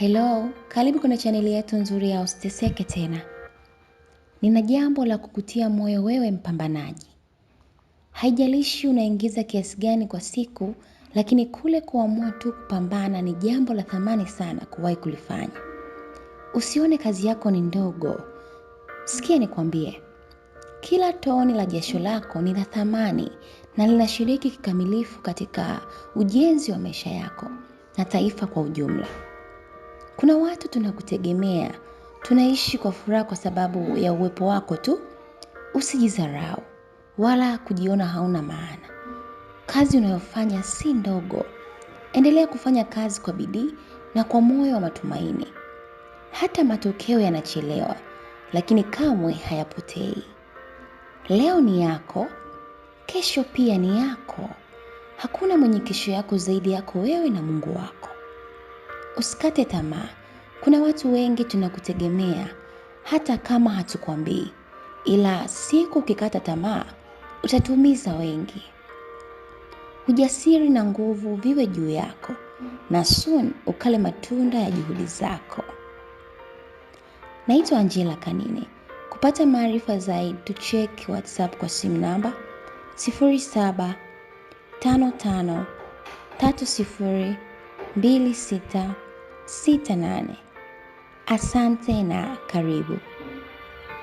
Hello, karibu kwenye chaneli yetu nzuri ya Usiteseke Tena. Nina jambo la kukutia moyo wewe mpambanaji. Haijalishi unaingiza kiasi gani kwa siku, lakini kule kuamua tu kupambana ni jambo la thamani sana kuwahi kulifanya. Usione kazi yako ni ndogo. Sikia nikwambie, kila toni la jasho lako ni la thamani na linashiriki kikamilifu katika ujenzi wa maisha yako na taifa kwa ujumla. Kuna watu tunakutegemea, tunaishi kwa furaha kwa sababu ya uwepo wako tu. Usijidharau wala kujiona hauna maana. Kazi unayofanya si ndogo. Endelea kufanya kazi kwa bidii na kwa moyo wa matumaini. Hata matokeo yanachelewa, lakini kamwe hayapotei. Leo ni yako, kesho pia ni yako. Hakuna mwenye kesho yako zaidi yako wewe na Mungu wako. Usikate tamaa. Kuna watu wengi tunakutegemea hata kama hatukwambii, ila siku ukikata tamaa utatumiza wengi. Ujasiri na nguvu viwe juu yako, na soon ukale matunda ya juhudi zako. Naitwa Angela Kanine. Kupata maarifa zaidi, tucheki WhatsApp kwa simu namba 075530 2668. Asante na karibu.